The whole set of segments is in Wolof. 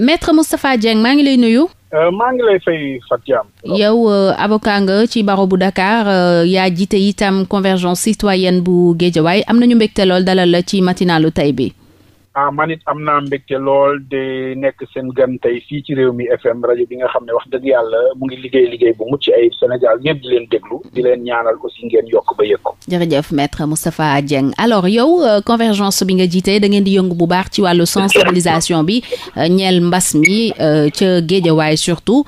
maître Moustapha Dieng maa ngi lay nuyu. Euh, maa ngi lay fay Fatia. yow euh, avocat nga ci barreau bu Dakar euh, yaa jiite itam convergence citoyenne bu waaye am nañu mbégte lool dalal la ci matinalu tey bi. ah man it am naa mbégte lool de nekk seen gan tey fii ci réew mi FM rajo bi nga xam ne wax dëgg yàlla mu ngi liggéey liggéey bu mucc ayib Sénégal ñëpp di leen déglu di leen ñaanal aussi ngeen yokk ba yëg ko. alors yow euh, convergence bi nga jiite da ngeen di yëngu bu baax ci wàllu sensibilisation bi euh, ñeel mbas mi euh, ca Géejawaay surtout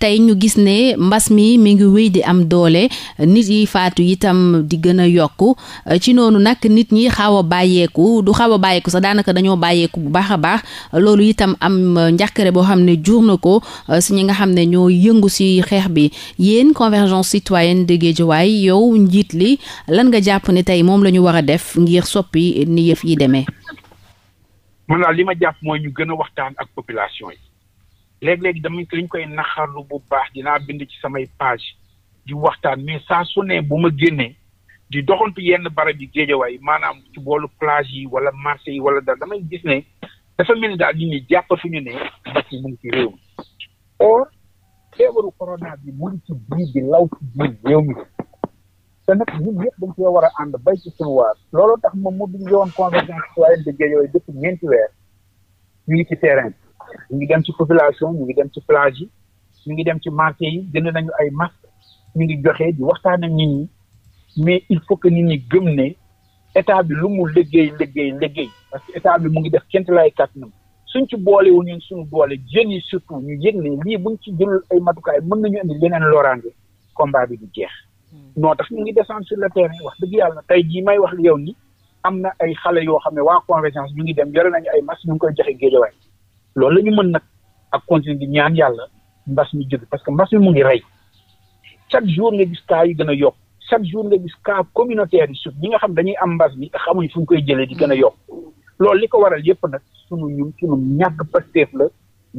tey ñu gis ne mbas mi mi ngi wéy di am doole nit yi faatu itam di gën a yokku ci noonu nag nit ñi xaw a bàyyeeku du xaw a bàyyeeku sax daanaka. dañoo bàyyeeku bu baax a baax loolu itam am euh, njàkkare boo xam ne jur na ko euh, si ñi nga xam ne ñoo yëngu si xeex bi yéen convergence citoyenne de Guédiawaye yow njiit li lan nga jàpp ni tey moom la ñu war a def ngir soppi ni yëf yi demee. man daal li ma jàpp mooy ñu gën a waxtaan ak population yi léeg-léeg dama liñ koy naxarlu bu baax dinaa bind ci samay page di waxtaan mais saa su ne bu ma génnee di doxantu yenn barab yi géejawaay maanaam ci boolu plage yi wala marché yi wala dara damay gis ne dafa mel ni daal nit ne mbas mu ngi ci réew mi or feebaru bi mu ngi ci biir di law ci biir dañ cee war a ànd bay ci suñu waar looloo tax moom mobilisé woon convergence citoyenne de géejawaay depuis ñeenti weer ñu ngi ci terrain ñu ngi dem ci population ñu ngi dem ci plage yi ñu ngi dem ci marché yi jënd nañu ay masques ñu ngi joxee di waxtaan ak nit ñi mais il faut que nit ñi gëm ne état bi lu mu liggéey liggéey liggéey parce que état bi mu ngi def kent laay kàttanam suñ ci boolewul ñun suñu boole jeunes yi surtout ñu yëg ne lii buñ ci jëlul ay matukaay mën nañu indi leneen loraange combat bi du jeex. noo hmm. tax ñu ngi descendre sur wax dëgg yàlla tey jii may wax yow ni am na ay xale yoo xam ne waa convergence ñu ngi dem yore nañu ay masques ñu ngi koy joxe géejawaay loolu la ñu mën nag ak continuer gi ñaan yàlla mbas mi jóg parce que mbas mi mu ngi rey chaque jour nga gis cas yi gën a yokk chaque jour nga gis cas communautaire yi suuf ñi nga xam dañuy am mbas bi te xamuñ fu ñu koy jëlee di gën a yokk loolu li ko waral yëpp nag sunu ñun sunu ñàkk pasteef la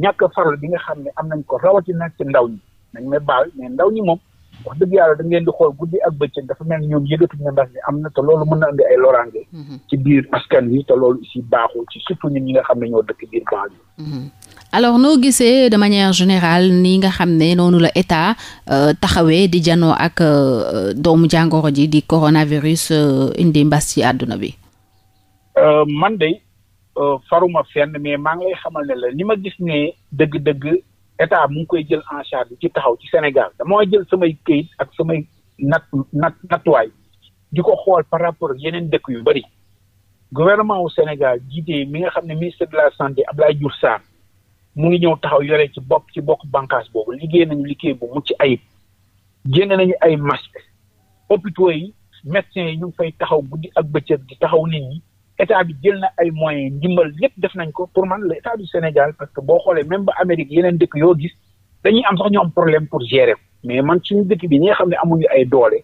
ñàkk farlu bi nga xam ne am nañ ko rawatina ci ndaw ñi nañ may baal mais ndaw ñi moom wax dëgg yàlla da ngeen di xool guddi ak bëccëg dafa mel ni ñoom yëgatuñ ne mbas mi am na te loolu mën na andi ay loraange. Mhm. ci biir askan wi te loolu aussi baaxul ci surtout ñun ñi nga xam ne ñoo dëkk biir banlieue. Mhm. alors noo gisee de manière générale ni nga xam ne noonu la état euh, taxawee di janoo ak euh, doomu jàngoro ji di coronavirus euh, indi mbas ci àdduna bi. man de faruma fenn mais maa ngi xamal ne la li ma gis ne dëgg-dëgg. état mu ngi koy jël en charge ci taxaw ci Sénégal damaa jël samay këyit ak samay nat nat nattuwaay di ko xool par rapport ak yeneen dëkk yu bëri gouvernement wu Sénégal jiite mi nga xam ne ministre de la santé Abdoulaye Diouf Sarr mu ngi ñëw taxaw yore ci bopp ci bokk bànqaas boobu liggéey nañu liggéey bu ci ay génne nañu ay masque hôpitaux yi médecins yi ñu ngi fay taxaw guddi ak bëccëg di taxaw nit ñi état bi jël na ay moyens ndimbal yépp def nañ ko pour man l' état du Sénégal parce que boo xoolee même ba Amérique yeneen dëkk yoo gis dañuy am sax ñu am problème pour gérer mais man suñu dëkk bi ñi xam ne amuñu ay doole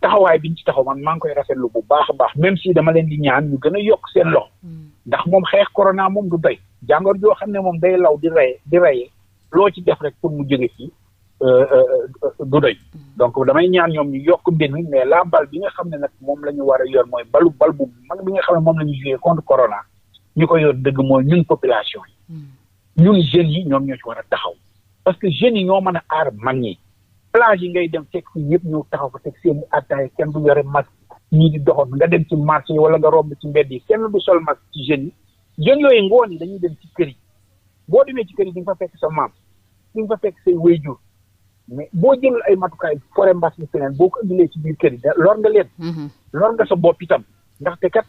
taxawaay biñ ci taxaw man maa ngi koy rafetlu bu baax baax même si dama leen di ñaan ñu gën a yokk seen lox mm. ndax moom xeex corona moom du doy jàngoor joo xam ne moom day law di rey di reye loo ci def rek pour mu jóge fii Euh, euh, euh, du doy donc damay ñaan ñoom ñu yokk mbir mi mais la bal bi nga xam ne nag moom la ñu war a yor mooy balu bal bu mag bi nga xam ne moom la ñu joué contre corona ñu ko yor dëgg mooy ñun population yi hmm. ñun jeunes yi ñoom ñoo ci war a taxaw parce que jeunes yi ñoo man a aar mag ñi plage yi ngay dem fekk fi yëpp ñëw taxaw fa teg seen i attaay kenn du yore masque ñii di doxoon nga dem ci marché yi wala nga romb ci mbedd yi kenn bu sol mag ci jeunes yi jeunes yooyu ngoon yi dañuy boo demee ci kër yi di nga fa sa maam di nga fa fekk say wéyjur mais boo jëlul ay matukaay forêt mbas mi leen boo ko indilee ci biir kër yi lor nga leen. Mm-hmm. lor nga sa bopp itam ndaxte kat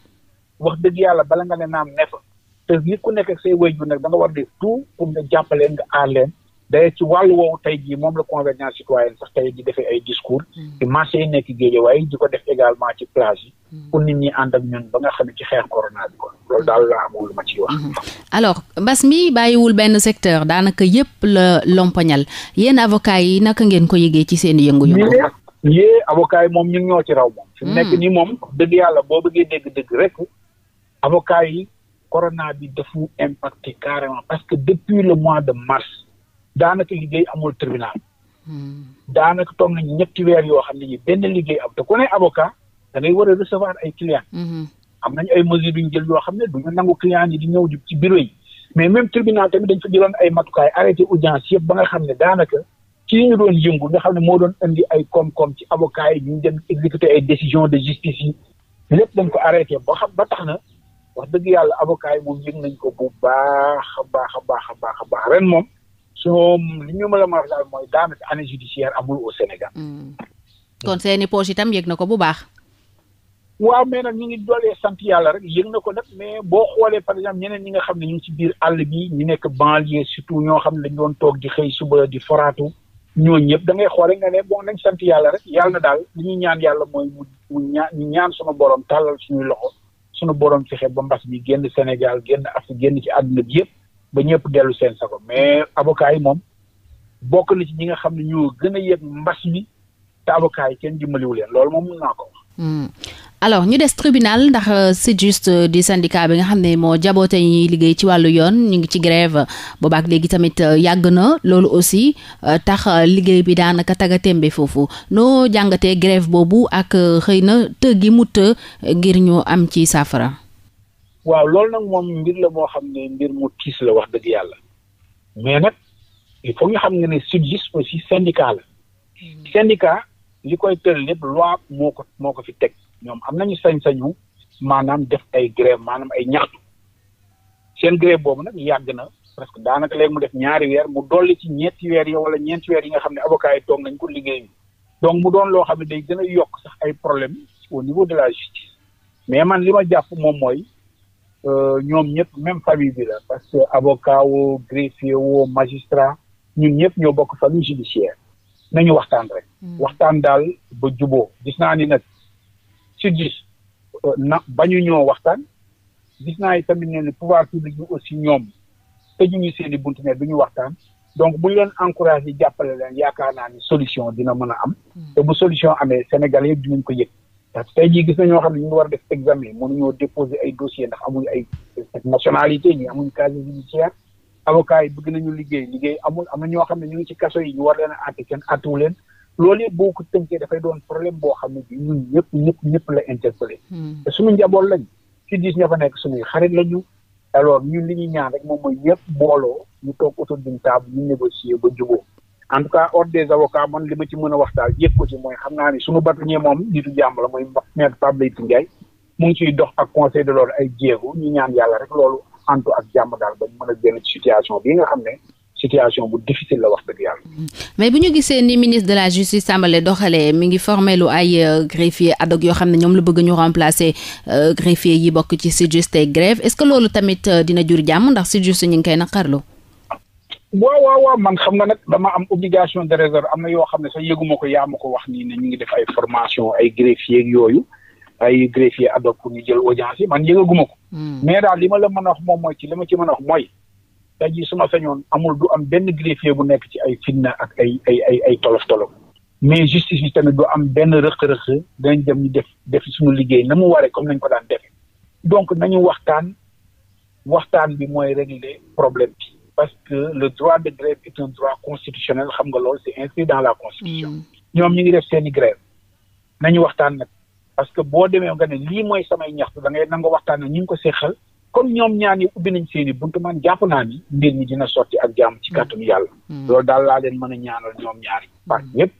wax dëgg yàlla bala nga ne naam ne fa te nit ku nekk ak say wéy ju nag da nga war def tout pour nga jàppaleen nga aar leen day ci wàll woowu tey jii moom la convergence citoyenne sax tey di defee ay discours mm. ci marché yi nekk Guédiawaye di ko def également ci plage yi mm. pour nit ñi ànd ak ñun ba nga xam ne ci xeex corona bi kon loolu daal la amul lu ma ciy wax mm-hmm. alors mbas mi bàyyiwul benn secteur daanaka yépp la lompañal yéen avocat yi naka ngeen ko yëgee ci seen yëngu-yëngu yée avocat yi moom ñu ngi ci raw moom fi mu nekk mm. nii moom dëgg yàlla boo bëggee dégg dëgg rek avocat yi corona bi dafu impacté carrément parce que depuis le mois de mars daanaka liggéey amul tribunal hmm. daanaka toog nañ ñetti weer yoo xam ne ñi benn liggéey am te ku ne avocat da ngay war a recevoir ay clients hmm. am nañ ay mesures yu ñu jël yoo xam ne duñu nangu clients yi di ñëw ci bureau yi mais même tribunal tamit dañ fa jëloon ay matukaay arrêté audience yëpp ba nga xam ne daanaka ci ñu doon yëngu nga xam ne moo doon indi ay koom-koom ci avocat yi ñu dem exécuter ay décision de justice yi lépp dañ ko arrêté ba xam ba tax na wax dëgg yàlla avocat yi moom nañ ko bu baax a baax a baax a baax a baax ren moom soo li ñu mën a wax daal mooy daanaka année judiciaire amul au Sénégal. Mm. kon seeni poche itam yëg na ko bu baax. waaw mais nag ñu ngi doolee sant yàlla rek yëg na ko nag mais boo xoolee par exemple ñeneen ñi nga xam ne ñu ngi ci biir àll bi ñu nekk banlieue surtout ñoo xam ne dañu doon toog di xëy suba di foraatu ñooñu ñëpp da ngay xoole nga ne bon nañ sant yàlla rek yàlla na daal li ñuy ñaan yàlla mooy mu mu ñaan ñu ñaan suñu borom tàllal suñuy loxo suñu borom fexe ba mbas mi génn Sénégal génn Afrique génn ci àdduna yëpp. ba ñëpp dellu seen sago mais avocat yi moom bokk na ci ñi nga xam ne ñoo gën a mbas mi te avocat kenn dimbaliwu leen loolu moom mën naa ko wax. Hmm. alors ñu des tribunal ndax euh, CJUST euh, di syndicat bi nga xam ne moo jaboote yi liggéey ci wàllu yoon ñu ngi ci grève boobaak léegi tamit euh, yàgg na loolu aussi tax liggéey bi daanaka tagatémbe foofu noo jàngatee grève boobu ak xëy na të gi mu të ngir ñu am ci saafara waaw loolu nag moom mbir la moo xam ne mbir mu tiis la wax dëgg yàlla mais nag il faut xam nga ne SYTJUST aussi syndicat la mm-hmm. syndicat li koy tëral lépp loi moo ko moo ko fi teg ñoom am nañu sañ-sañu maanaam def ay grève maanaam ay ñaxtu seen grève boobu nag yàgg na parce que daanaka léegi mu def ñaari weer mu dolli ci ñetti weer yi wala ñeenti weer yi nga xam ne avocat yi toog nañ ko liggéey donc mu doon loo xam ne day gën a yokk sax ay problème au niveau de mais man li ma jàpp moom mooy Euh, ñoom ñëpp même famille bi la parce que avocat woo greffier woo magistrat ñun ñëpp ñoo bokk famille judiciaire nañu waxtaan rek. Hmm. waxtaan daal ba juboo gis naa ni nag si gis euh, bañu ñoo waxtaan gis naa yi tamit ne pouvoir public bi aussi ñoom tëjuñu seen i buntu ne ñu waxtaan donc bu ñu leen encouragé jàppale leen yaakaar naa ni solution dina mën a am. Hmm. te bu solution amee Sénégal yëpp dinañ ko yëg. parce que tey jii gis na ñoo xam ne ñu ngi war a def examen mënuñoo déposer ay dossier ndax amuñu ay nationalité ñi amuñu casier judiciaire avocat yi bëgg nañu liggéey liggéey amul am na ñoo xam ne ñu ngi ci kaso yi ñu war leen a àtte kenn àttewu leen loolu yëpp boo ko tënkee dafay doon problème boo xam ne ñu ñun ñëpp ñëpp ñëpp la interpellé hmm. te suñu njaboot lañ ci diis ña fa nekk suñuy xarit lañu alors ñun li ñuy ñaan rek moom mooy ñëpp booloo ñu toog autour d'une table ñu négocier ba jubóo en tout cas ordre des avocats man li ma ci mën a wax daal yëg ko ci mooy xam naa ni suñu bâtonnier moom nitu jàmm la mooy maître Pape Leyti Ndiaye mu ngi ciy ay jéego ñu ñaan yàlla rek loolu antu mën a génn ci situation bii nga xam ne situation bu difficile la wax dëgg yàlla. mais bu ñu gisee ni ministre de la justice Sambale doxalee mi ngi formé lu ay euh, greffier ad yoo xam ne ñoom la bëgg ñu remplacer euh, greffier yi bokk ci SYTJUST grève est-ce que loolu tamit euh, dina jur jàmm ndax SYTJUST ñu ngi koy naqarlu waaw waaw waaw man xam nga nag dama am obligation de réserve am na yoo xam ne sax yëguma ko yaa ma ko wax nii ne ñu ngi def ay formation ay greffier yooyu ay greffier ad hoc ñu jël audience yi man yëgaguma ko. Hmm. mais daal li ma la mën a wax moom mooy ci li ci mën a wax mooy. tey jii su ma amul du am benn greffier bu nekk ci ay fitna ak ay ay ay ay tolof tolof. mais justice bi tamit du am benn rëq-rëq dinañ dem ñu def def suñu liggéey na mu waree comme nañ ko daan defee. donc nañu waxtaan waxtaan bi mooy régler problème bi. parce que le droit de grève est droit constitutionnel xam nga lool c'est inscrit dans la constitution ñoom ñu ngi def seeni i grève nañu waxtaan nag parce que boo demee nga ne lii mooy samay ñaxtu da ngay nanga waxtaan nag ñu ngi ko seexal comme ñoom ñaan yi ubbi nañ seen i buntu man jàpp naa ni mbir mi dina sorti ak jàmm ci kàttanu yàlla mm. loolu daal laa leen mën a ñaanal ñoom ñaari par mm. ñëpp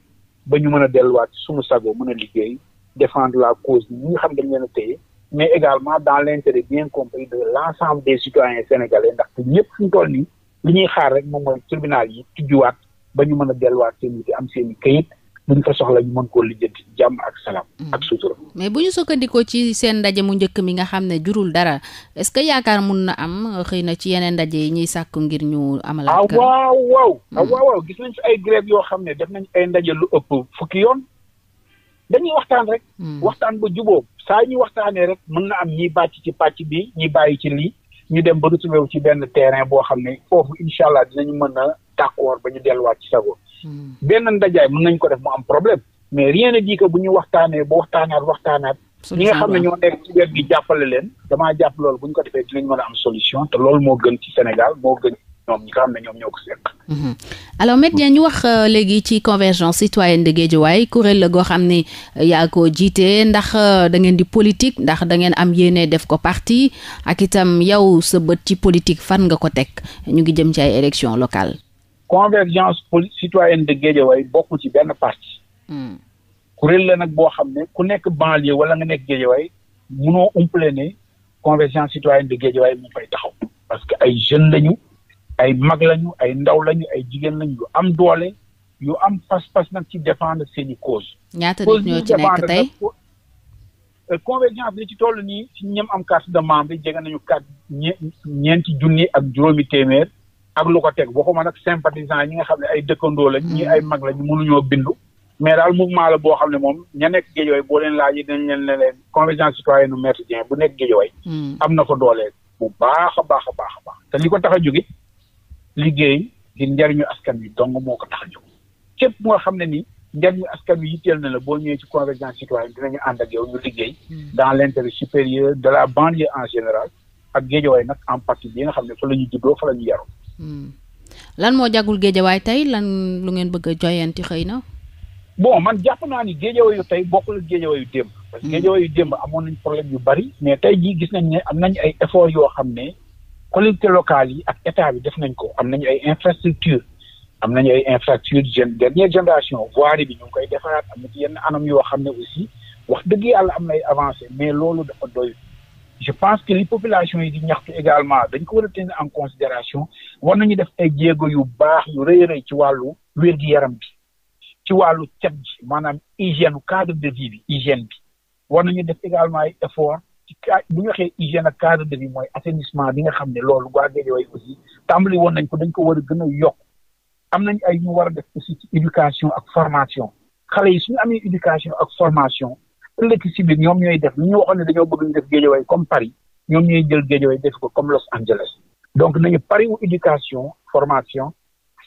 ba ñu mën a delluwaat sumu sago mën a liggéey défendre la cause bi nga xam dañ leen a téye mais également dans l'intérêt bien compris de l'ensemble des citoyens sénégalais ndaxte ñëpp suñu toll nii li ñuy xaar rek moom mooy tribunal yi tijjuwaat ba ñu mën a delluwaat seen i am seen i këyit bu ñu fa soxla ñu mën koo lijjanti jàmm ak salaam. Mm. ak sutura. mais bu ñu sukkandikoo ci seen ndaje mu njëkk mi nga xam ne jurul dara est-ce que yaakaar mun na am xëy na ci yeneen ndaje yi ñuy sàkk ngir ñu. amal ah, mm. ah waaw waaw. gis nañ fi ay grève yoo xam ne def nañ ay ndaje lu ëpp fukki yoon dañuy waxtaan rek. Mm. waxtaan ba jubóo saa ñuy waxtaanee rek mën na am ñiy bàcc ci pàcc bi ñi bàyyi ci lii. ñu dem ba retrouvé wu ci benn terrain boo xam ne foofu incha allah dinañu mën a d'accord ba ñu delluwaat ci sago hmm. benn ndajaay mën nañ ko def mu am problème mais rien ne dit bu ñu waxtaanee ba waxtaanaat waxtaanaat ñi nga xam ne ñoo nekk ci wet gi jàppale leen damaa jàpp loolu bu ñu ko defee ñu mën a am solution te loolu moo gën ci Sénégal moo gën ñoom ñi nga xam ne ñoom ñoo mhm. ñu wax euh, léegi ci convergence citoyenne de Guédiawaye kuréel la goo xam ne euh, yaa ko jiite ndax euh, da ngeen di politique ndax da ngeen am yéene def ko parti ak itam yow sa bët ci politique fan nga ko teg ñu ngi jëm ci ay élections locale convergence poli citoyenne de Guédiawaye bokku ci benn partie hmm. kuréel la nag boo xam ne ku nekk banlieue wala nga nekk Guédiawaye munoo umpale ne convergence citoyenne de Guédiawaye mu fay taxaw parce que ay jeunes lañu. ay mag lañu ay ndaw lañu ay jigéen lañu yu am doole yu am pas-pas nag ci défendre seeni i cause ñaata nit ñoo ci nekk tey euh, ci toll nii ci ñem am carte de membre yi jege nañu carte ñeenti junni ak juróomi téeméer ak lu ko teg waxuma nag sympathisant ñi nga xam ne ay dëkkandoo lañ ñi mm-hmm. ay mag lañu mënuñoo bindu mais daal mouvement la boo xam ne moom ña nekk Guédiawaye boo leen laajee dañ leen ne leen convergence citoyenne nu Maître Dieng bu nekk Guédiawaye mm. am na fa doole bu baax a baax a baax a baax ko tax a liggéey ngir njariñu askan wi dong moo ko tax a képp moo xam ne ni njariñu askan wi yitteel na la boo ñëwee ci convergence citoyenne dinañu ànd ak yow ñu liggéey hmm. dans l' intérêt supérieur de la banlieue en général ak géejawaay nag en partie bi nga xam ne fa la ñu juddoo fa la ñu yaroo hmm. lan moo jagul géejawaay tey lan lu ngeen bëgg a joyanti xëy na bon man jàpp naa ni géejawaayu tey bokkul ak géejawaayu démb hmm. parce que géejawaayu démb amoon nañ problème yu bari mais tey jii gis nañ ne am nañ ay effort yoo xam ne collectivités locale yi ak état bi def nañ ko am nañu ay infrastructure am nañu ay infrastructure jeune dernière génération voirie bi ñu ngi koy defaraat am na ci yenn anam yoo xam ne aussi wax dëgg yàlla am na ay avancé mais loolu dafa doyul je pense que li population yi di ñaxtu également dañ ko war a tenir en considération war nañu def ay jéego yu baax yu rëy rëy ci wàllu wér-gi-yaram bi ci wàllu cet ji maanaam hygiène cadre de vie bi hygiène bi war nañu def également ay effort ci cas bu ñu waxee hygiène ak cadre de mooy assainissement bi nga xam ne loolu waa Guédiawaye aussi tàmbali woon nañ ko dañ ko war a gën a yokk am nañ ay ñu war a def aussi ci éducation ak formation xale yi suñu amee éducation ak formation ëllëg si biir ñoom ñooy def li ñu waxoon ne dañoo bëgg ñu def Guédiawaye comme Paris ñoom ñooy jël Guédiawaye def ko comme Los Angeles donc nañu Paris wu éducation formation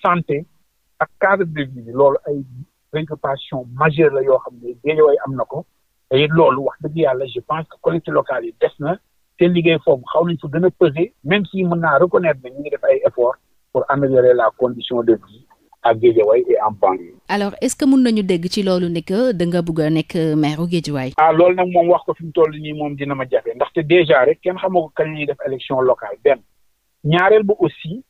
santé ak cadre de vie loolu ay préoccupation majeure la yoo xam ne Guédiawaye am na ko et loolu wax dëgg yàlla je pense que collectivités locales yi des na seen liggéey foofu xaw nañ fa gën a peser même si mën naa reconnaître ne ñu ngi def ay efforts pour améliorer la condition de vie à Guédiawaye et en banlieue. alors est-ce que mun nañu dégg ci loolu ne que da nga bëgg nekk maire Guédiawaye. ah loolu nag moom wax ko fi mu toll nii moom dina ma jafe ndaxte déjà rek kenn xamoo ko kañ ñuy def élection locale benn ñaareel ba aussi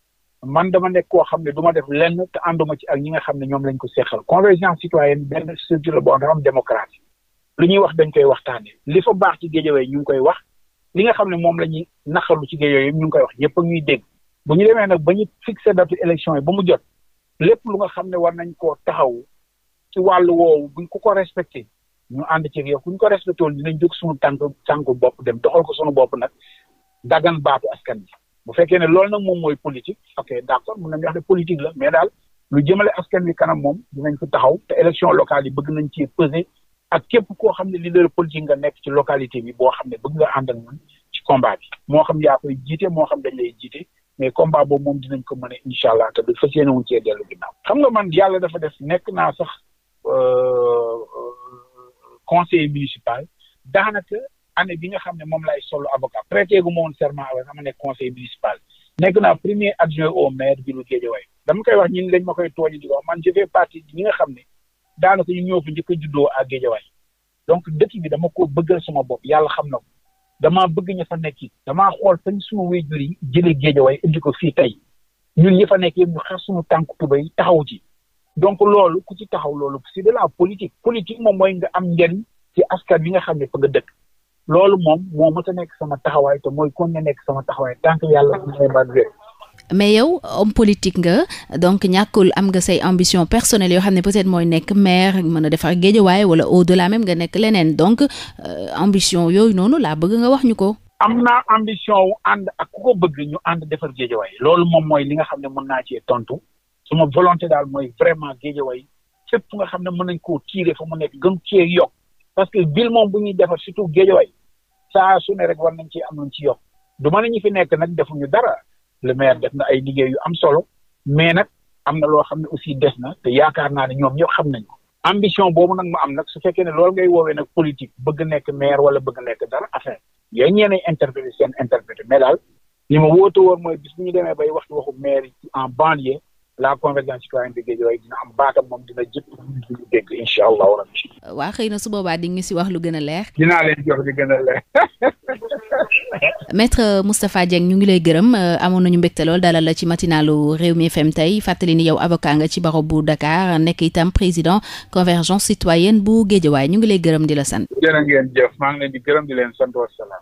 man dama nekk koo xam ne du def lenn te ànduma ci ak ñi nga xam ne ñoom lañ ko seqal convergence citoyenne benn structure la boo li ñuy wax dañ koy waxtaane li fa baax ci géejawee ñu ngi koy wax li nga xam ne moom la ñuy naqarlu ci géejawee ñu ngi koy wax ñëpp a ñuy dégg bu ñu demee nag ba ñu fixé date élection yi ba mu jot lépp lu nga xam ne war nañ koo taxaw ci wàll woowu buñ ko ko respecté ñu ànd ci yow kuñ ko respecté woon dinañ jóg suñu tànk tànku bopp dem doxal ko suñu bopp nag daggan baatu askan bi bu fekkee ne loolu nag moom mooy politique ok d'accord mën nañu wax ne politique la mais daal lu jëmale askan wi kanam moom dinañ ko taxaw te élection locale yi bëgg nañ ci ak képp koo xam ne leader politique nga nekk ci localité bi boo xam ne bëgg nga ànd ak ñun ci combat bi moo xam yaa koy jiite moo xam dañ lay jiite mais combat boobu ko mën incha allah te du fas yéene wuñ cee dellu xam nga man yàlla dafa def nekk naa sax euh, euh, conseiller municipal daanaka année bi nga xam ne moom laay solo avocat prêté gu ma woon serment avocat nekk conseiller municipal. nekk naa premier adjoint au maire bi lu Guédiawaye dama koy wax ñun lañ koy tooñ di wax man je fais ñi nga xam ne. daanaka ñu ñëw fi njëkk a juddoo ak géejawaay donc dëkk bi dama ko bëggal suma bopp yàlla xam na ko damaa bëgg ñu fa nekk damaa xool fañ suma waajur yi jëlee géejawaay indi ko fii tey ñun ñi fa nekk yëpp ñu xar suñu tànk tubay taxaw ci donc loolu ku ci taxaw loolu c'est de la politique politique moom mooy nga am njariñ ci askan bi nga xam ne fa nga dëkk loolu moom moom mën a nekk sama taxawaay te mooy kon na nekk sama taxawaay tant que yàlla may mais yow homme politique nga donc ñàkkul am nga say ambition personnel yoo xam ne peut-être mooy nekk maire mën a defar géejawaay wala au la même nga nekk leneen donc euh, ambition yooyu noonu laa bëgg nga wax ñu ko. am naa ambition wu ànd ak ku ko bëgg ñu ànd defar géejawaay loolu moom mooy li nga xam ne mën naa cee tontu suma volonté daal mooy vraiment géejawaay fépp nga xam ne mën nañ ko tirer fa mu nekk gën cee yokk parce que ville moom bu ñuy defar surtout géejawaay saa su ne rek war nañ ci am luñ ci yokk ñu fi nekk nag defuñu dara. le maire def na ay liggéey yu am solo mais nag am na loo xam ne aussi des na te yaakaar naa ne ñoom ñëpp xam nañ ko ambition boobu nag ma am nag su fekkee ne loolu ngay woowee nag politique bëgg nekk maire wala bëgg nekk dara affaire yéen ñeenay interprété seen interprété mais daal li ma wóote woon mooy bis ñu demee bay waxtu waxu maire yi en banlieue la convergence citoyenne de Guédiawaye dina am baatam moom dina jëpp ñu dégg incha allah rabbi. waa xëy na su boobaa di nga si wax lu gën a leer. dinaa leen jox li gën leer. maître Moustapha Dieng ñu ngi lay gërëm euh, amoon nañu mbégte lool dalal la ci matinalu mi FM tey fàttali ni yow avocat nga ci barreau bu Dakar nekk itam président convergence citoyenne bu Guédiawaye ñu ngi lay gërëm di la sant. jërë ngeen salaam.